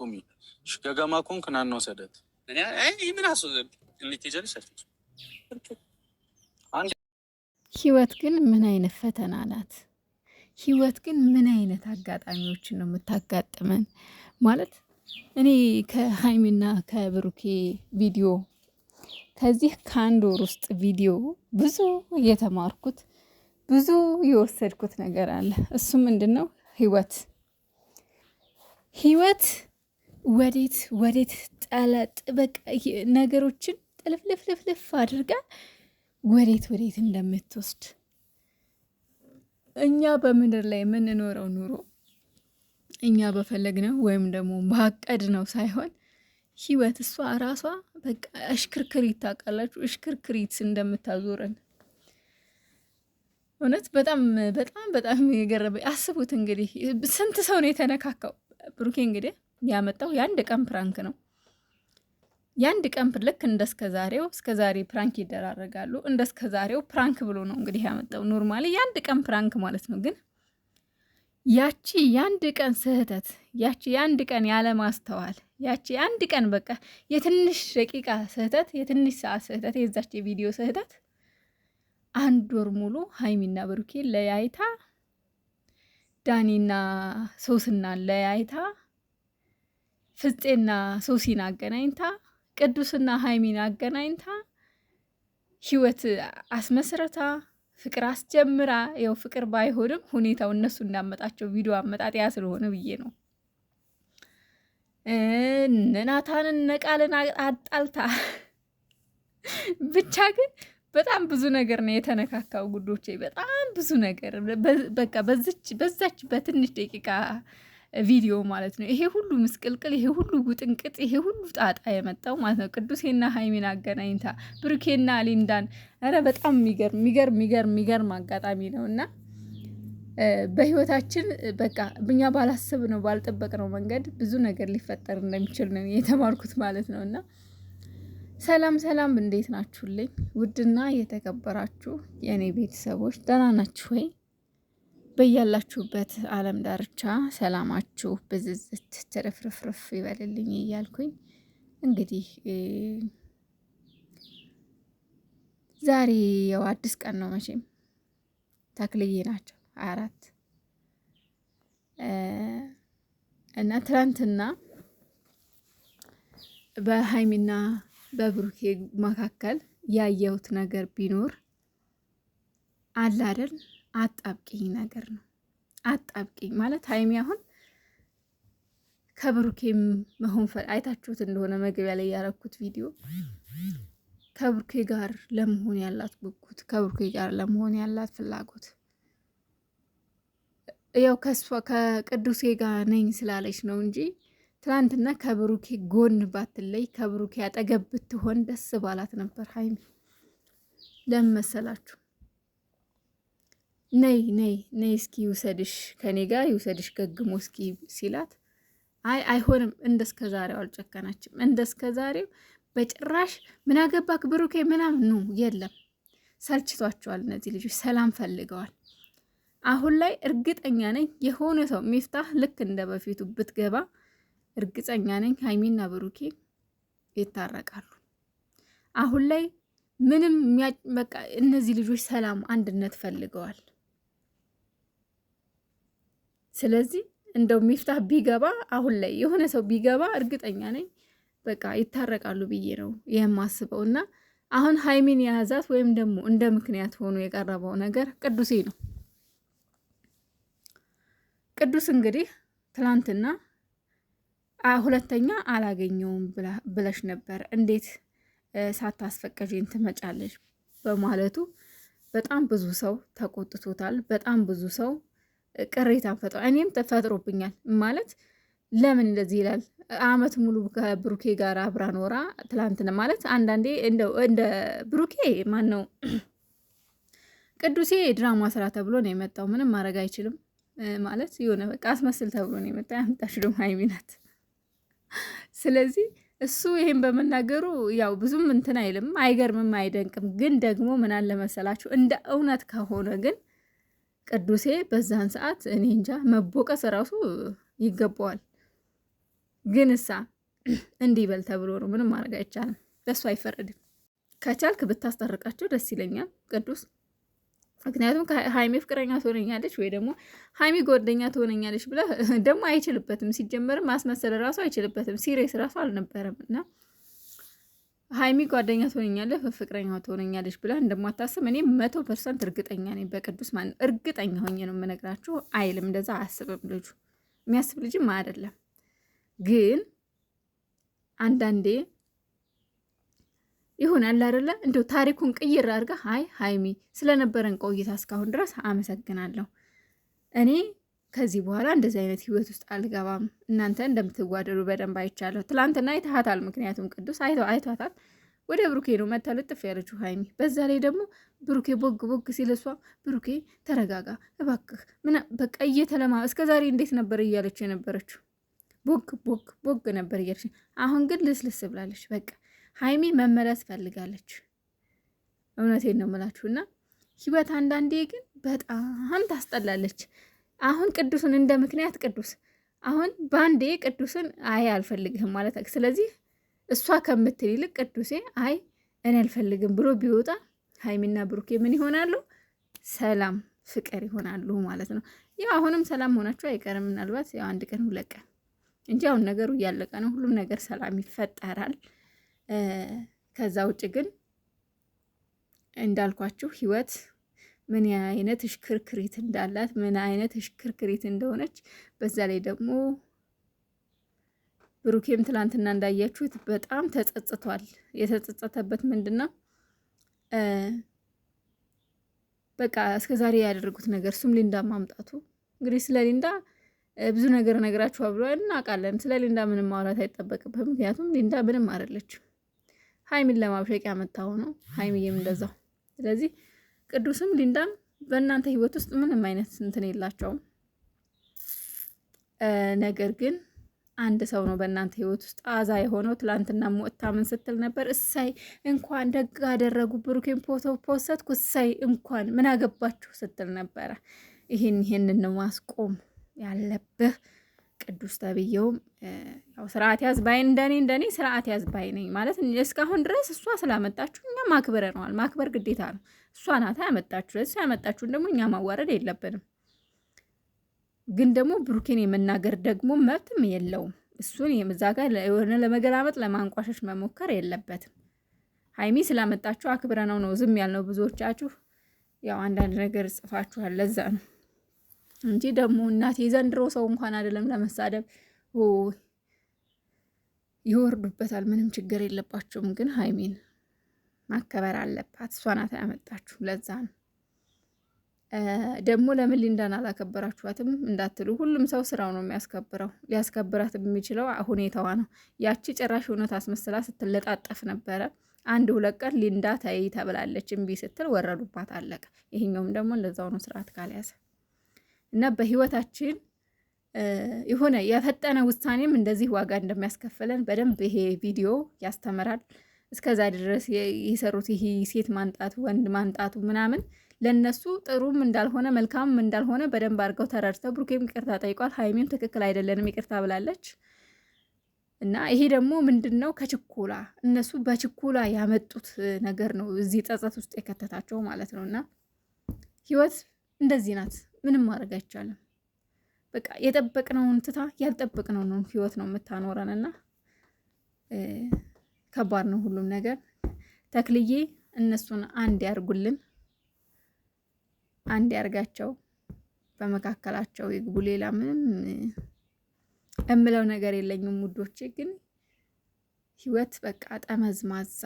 ቁሚ ገገማ ኮንክ ናን ወሰደት ህይወት ግን ምን አይነት ፈተና ናት? ህይወት ግን ምን አይነት አጋጣሚዎችን ነው የምታጋጥመን? ማለት እኔ ከሀይሚና ከብሩኬ ቪዲዮ ከዚህ ከአንድ ወር ውስጥ ቪዲዮ ብዙ የተማርኩት ብዙ የወሰድኩት ነገር አለ። እሱ ምንድን ነው ህይወት ህይወት ወዴት ወዴት ጠለጥ በቃ ነገሮችን ጥልፍልፍልፍልፍ አድርጋ ወዴት ወዴት እንደምትወስድ እኛ በምድር ላይ የምንኖረው ኑሮ እኛ በፈለግነው ወይም ደግሞ ባቀድ ነው ሳይሆን ህይወት እሷ ራሷ በቃ እሽክርክሪት ታውቃላችሁ፣ እሽክርክሪት እንደምታዞረን እውነት በጣም በጣም በጣም የገረበ አስቡት እንግዲህ ስንት ሰው ነው የተነካካው ብሩኬ እንግዲህ ያመጣው የአንድ ቀን ፕራንክ ነው። የአንድ ቀን ልክ እንደ እስከ እስከዛሬ ፕራንክ ይደራረጋሉ። እንደ ዛሬው ፕራንክ ብሎ ነው እንግዲህ ያመጣው። ኖርማሊ የአንድ ቀን ፕራንክ ማለት ነው። ግን ያቺ የአንድ ቀን ስህተት፣ ያቺ የአንድ ቀን ያለማስተዋል፣ ያቺ የአንድ ቀን በቃ የትንሽ ደቂቃ ስህተት፣ የትንሽ ሰዓት ስህተት፣ የዛች የቪዲዮ ስህተት አንድ ወር ሙሉ ሀይሚና ብሩኬ ለያይታ ዳኒና ሶስና ለያይታ ፍጤና ሶሲን አገናኝታ ቅዱስና ሀይሚን አገናኝታ ህይወት አስመስረታ ፍቅር አስጀምራ ያው ፍቅር ባይሆንም ሁኔታው እነሱ እንዳመጣቸው ቪዲዮ አመጣጥ ስለሆነ ብዬ ነው። እነ ናታንን ነቃልን አጣልታ ብቻ ግን በጣም ብዙ ነገር ነው የተነካካው ጉዶቼ፣ በጣም ብዙ ነገር በቃ በዛች በትንሽ ደቂቃ ቪዲዮ ማለት ነው። ይሄ ሁሉ ምስቅልቅል፣ ይሄ ሁሉ ጉጥንቅጥ፣ ይሄ ሁሉ ጣጣ የመጣው ማለት ነው ቅዱሴና ሀይሚን አገናኝታ ብሩኬና ሊንዳን። ኧረ በጣም የሚገርም የሚገርም የሚገርም የሚገርም አጋጣሚ ነው እና በህይወታችን በቃ ብኛ ባላሰብ ነው ባልጠበቅ ነው መንገድ ብዙ ነገር ሊፈጠር እንደሚችል ነው የተማርኩት ማለት ነው እና ሰላም ሰላም፣ እንዴት ናችሁልኝ? ውድና የተከበራችሁ የእኔ ቤተሰቦች ደህና ናችሁ ወይ? በያላችሁበት ዓለም ዳርቻ ሰላማችሁ ብዝዝት ትርፍርፍርፍ ይበልልኝ እያልኩኝ እንግዲህ ዛሬ ያው አዲስ ቀን ነው። መቼም ተክልዬ ናቸው አራት እና ትናንትና በሀይሚና በብሩኬ መካከል ያየሁት ነገር ቢኖር አላደል አጣብቂኝ ነገር ነው። አጣብቂኝ ማለት ሀይሚ አሁን ከብሩኬ መሆን አይታችሁት እንደሆነ መግቢያ ላይ ያረኩት ቪዲዮ ከብሩኬ ጋር ለመሆን ያላት ጉጉት፣ ከብሩኬ ጋር ለመሆን ያላት ፍላጎት ያው ከእሷ ከቅዱሴ ጋር ነኝ ስላለች ነው እንጂ ትናንትና ከብሩኬ ጎን ባትለይ ከብሩኬ አጠገብ ብትሆን ደስ ባላት ነበር ሀይሚ ለምን መሰላችሁ? ነይ ነይ ነይ እስኪ ይውሰድሽ ከኔ ጋር ይውሰድሽ ገግሞ እስኪ ሲላት አይ አይሆንም፣ እንደስከ ዛሬው አልጨከናችም። እንደስከ ዛሬው በጭራሽ ምን አገባክ ብሩኬ ምናምን ኑ የለም። ሰልችቷቸዋል። እነዚህ ልጆች ሰላም ፈልገዋል። አሁን ላይ እርግጠኛ ነኝ የሆነ ሰው ሚፍታህ ልክ እንደ በፊቱ ብትገባ እርግጠኛ ነኝ ሀይሚና ብሩኬ ይታረቃሉ። አሁን ላይ ምንም በቃ እነዚህ ልጆች ሰላም አንድነት ፈልገዋል። ስለዚህ እንደው ሚፍታህ ቢገባ አሁን ላይ የሆነ ሰው ቢገባ እርግጠኛ ነኝ በቃ ይታረቃሉ ብዬ ነው የማስበው። እና አሁን ሀይሚን የያዛት ወይም ደግሞ እንደ ምክንያት ሆኖ የቀረበው ነገር ቅዱሴ ነው። ቅዱስ እንግዲህ ትላንትና ሁለተኛ አላገኘውም ብለሽ ነበር እንዴት ሳታስፈቀጅን ትመጫለሽ በማለቱ በጣም ብዙ ሰው ተቆጥቶታል። በጣም ብዙ ሰው ቅሬታን ፈጥሯል። እኔም ተፈጥሮብኛል ማለት ለምን እንደዚህ ይላል? አመት ሙሉ ከብሩኬ ጋር አብራ ኖራ ትላንትና ማለት አንዳንዴ እንደ ብሩኬ ማን ነው ቅዱሴ ድራማ ስራ ተብሎ ነው የመጣው። ምንም ማድረግ አይችልም ማለት የሆነ በቃ አስመስል ተብሎ ነው የመጣ ያምጣሽ ደሞ ሀይሚ ናት። ስለዚህ እሱ ይሄን በመናገሩ ያው ብዙም እንትን አይልም፣ አይገርምም፣ አይደንቅም። ግን ደግሞ ምናን ለመሰላችሁ እንደ እውነት ከሆነ ግን ቅዱሴ በዛን ሰዓት እኔ እንጃ መቦቀስ ራሱ ይገባዋል። ግን እሳ እንዲህ በል ተብሎ ነው፣ ምንም ማድረግ አይቻልም። በሱ አይፈረድም። ከቻልክ ብታስታርቃቸው ደስ ይለኛል ቅዱስ። ምክንያቱም ሀይሚ ፍቅረኛ ትሆነኛለች ወይ ደግሞ ሀይሚ ጓደኛ ትሆነኛለች ብለህ ደግሞ አይችልበትም። ሲጀመርም ማስመሰል ራሱ አይችልበትም። ሲሬስ ራሱ አልነበረም እና ሀይሚ ጓደኛ ትሆነኛለህ ፍቅረኛ ትሆነኛለች ብላ እንደማታስብ እኔ መቶ ፐርሰንት እርግጠኛ ነኝ። በቅዱስ ማለት እርግጠኛ ሆኜ ነው የምነግራችሁ። አይልም፣ እንደዛ አያስብም። ልጁ የሚያስብ ልጅም አይደለም። ግን አንዳንዴ ይሆናል አይደለ? እንደው ታሪኩን ቅይር አድርጋ ሀይ ሀይሚ፣ ስለነበረን ቆይታ እስካሁን ድረስ አመሰግናለሁ እኔ ከዚህ በኋላ እንደዚህ አይነት ህይወት ውስጥ አልገባም፣ እናንተ እንደምትዋደዱ በደንብ አይቻለሁ። ትላንትና አይተሃታል። ምክንያቱም ቅዱስ አይተው አይቷታል። ወደ ብሩኬ ነው መታ ልጥፍ ያለችው ሀይሚ። በዛ ላይ ደግሞ ብሩኬ ቦግ ቦግ ሲል እሷ ብሩኬ ተረጋጋ እባክህ ምና በቃ እየተለማ እስከ ዛሬ እንዴት ነበር እያለች የነበረችው ቦግ ቦግ ቦግ ነበር እያለች፣ አሁን ግን ልስልስ ብላለች። በቃ ሀይሚ መመለስ ፈልጋለች። እውነቴን ነው የምላችሁ እና ህይወት አንዳንዴ ግን በጣም ታስጠላለች። አሁን ቅዱስን እንደ ምክንያት ቅዱስ አሁን በአንዴ ቅዱስን አይ አልፈልግህም ማለት ስለዚህ እሷ ከምትል ይልቅ ቅዱሴ አይ እኔ አልፈልግም ብሎ ቢወጣ ሀይሚና ብሩኬ ምን ይሆናሉ? ሰላም ፍቅር ይሆናሉ ማለት ነው። ያው አሁንም ሰላም ሆናችሁ አይቀርም። ምናልባት ያው አንድ ቀን ሁለት ቀን እንጂ አሁን ነገሩ እያለቀ ነው። ሁሉም ነገር ሰላም ይፈጠራል። ከዛ ውጭ ግን እንዳልኳችሁ ህይወት ምን አይነት እሽክርክሪት እንዳላት ምን አይነት እሽክርክሪት እንደሆነች። በዛ ላይ ደግሞ ብሩኬም ትላንትና እንዳያችሁት በጣም ተጸጽቷል። የተጸጸተበት ምንድን ነው? በቃ እስከ ዛሬ ያደረጉት ነገር እሱም ሊንዳ ማምጣቱ። እንግዲህ ስለ ሊንዳ ብዙ ነገር ነገራችሁ ብሎ እናውቃለን። ስለ ሊንዳ ምንም ማውራት አይጠበቅበት ምክንያቱም ሊንዳ ምንም አይደለችም። ሀይሚን ለማብሸቅ ያመጣው ነው፣ ሀይሚዬም እንደዛው። ስለዚህ ቅዱስም ሊንዳም በእናንተ ህይወት ውስጥ ምንም አይነት እንትን የላቸውም። ነገር ግን አንድ ሰው ነው በእናንተ ህይወት ውስጥ አዛ የሆነው። ትላንትና ወጥታ ምን ስትል ነበር? እሳይ እንኳን ደግ አደረጉ፣ ብሩኬን ፎቶ ፖሰትኩ፣ እሳይ እንኳን ምን አገባችሁ ስትል ነበረ። ይህን ይህንን ማስቆም ያለብህ ቅዱስ ተብዬውም ያው ስርዓት ያዝ ባይ እንደኔ እንደኔ ስርዓት ያዝ ባይ ነኝ ማለት እስካሁን ድረስ እሷ ስላመጣችሁ እኛ ማክበር ነዋል። ማክበር ግዴታ ነው። እሷ ናታ ያመጣችሁ። ለዚ ያመጣችሁን ደግሞ እኛ ማዋረድ የለብንም። ግን ደግሞ ብሩኬን የመናገር ደግሞ መብትም የለውም። እሱን የምዛ የምዛጋ የሆነ ለመገላመጥ ለማንቋሸሽ መሞከር የለበትም። ሀይሚ ስላመጣችሁ አክብረ ነው ነው ዝም ያልነው። ብዙዎቻችሁ ያው አንዳንድ ነገር ጽፋችኋል፣ ለዛ ነው እንጂ ደግሞ እናቴ ዘንድሮ ሰው እንኳን አይደለም ለመሳደብ ይወርዱበታል። ምንም ችግር የለባቸውም። ግን ሀይሚን ማከበር አለባት። እሷ ናት ያመጣችሁ። ለዛ ነው ደግሞ ለምን ሊንዳን አላከበራችኋትም እንዳትሉ፣ ሁሉም ሰው ስራው ነው የሚያስከብረው። ሊያስከብራት የሚችለው ሁኔታዋ ነው። ያቺ ጭራሽ እውነት አስመስላ ስትለጣጠፍ ነበረ። አንድ ሁለት ቀን ሊንዳ ተይ ተብላለች፣ እምቢ ስትል ወረዱባት፣ አለቀ። ይሄኛውም ደግሞ እንደዛው ነው፣ ስርዓት ካልያዘ እና በህይወታችን የሆነ የፈጠነ ውሳኔም እንደዚህ ዋጋ እንደሚያስከፍለን በደንብ ይሄ ቪዲዮ ያስተምራል። እስከዛ ድረስ የሰሩት ይሄ ሴት ማንጣቱ ወንድ ማንጣቱ ምናምን ለነሱ ጥሩም እንዳልሆነ መልካምም እንዳልሆነ በደንብ አድርገው ተረድተው፣ ብሩኬም ይቅርታ ጠይቋል። ሀይሚም ትክክል አይደለንም ይቅርታ ብላለች። እና ይሄ ደግሞ ምንድን ነው ከችኮላ እነሱ በችኮላ ያመጡት ነገር ነው እዚህ ጸጸት ውስጥ የከተታቸው ማለት ነው። እና ህይወት እንደዚህ ናት። ምንም ማድረግ አይቻልም። በቃ የጠበቅነውን ትታ ያልጠበቅነውን ህይወት ነው የምታኖረን እና ከባድ ነው ሁሉም ነገር። ተክልዬ እነሱን አንድ ያርጉልን፣ አንድ ያርጋቸው፣ በመካከላቸው ይግቡ። ሌላ ምንም እምለው ነገር የለኝም ውዶቼ። ግን ህይወት በቃ ጠመዝማዛ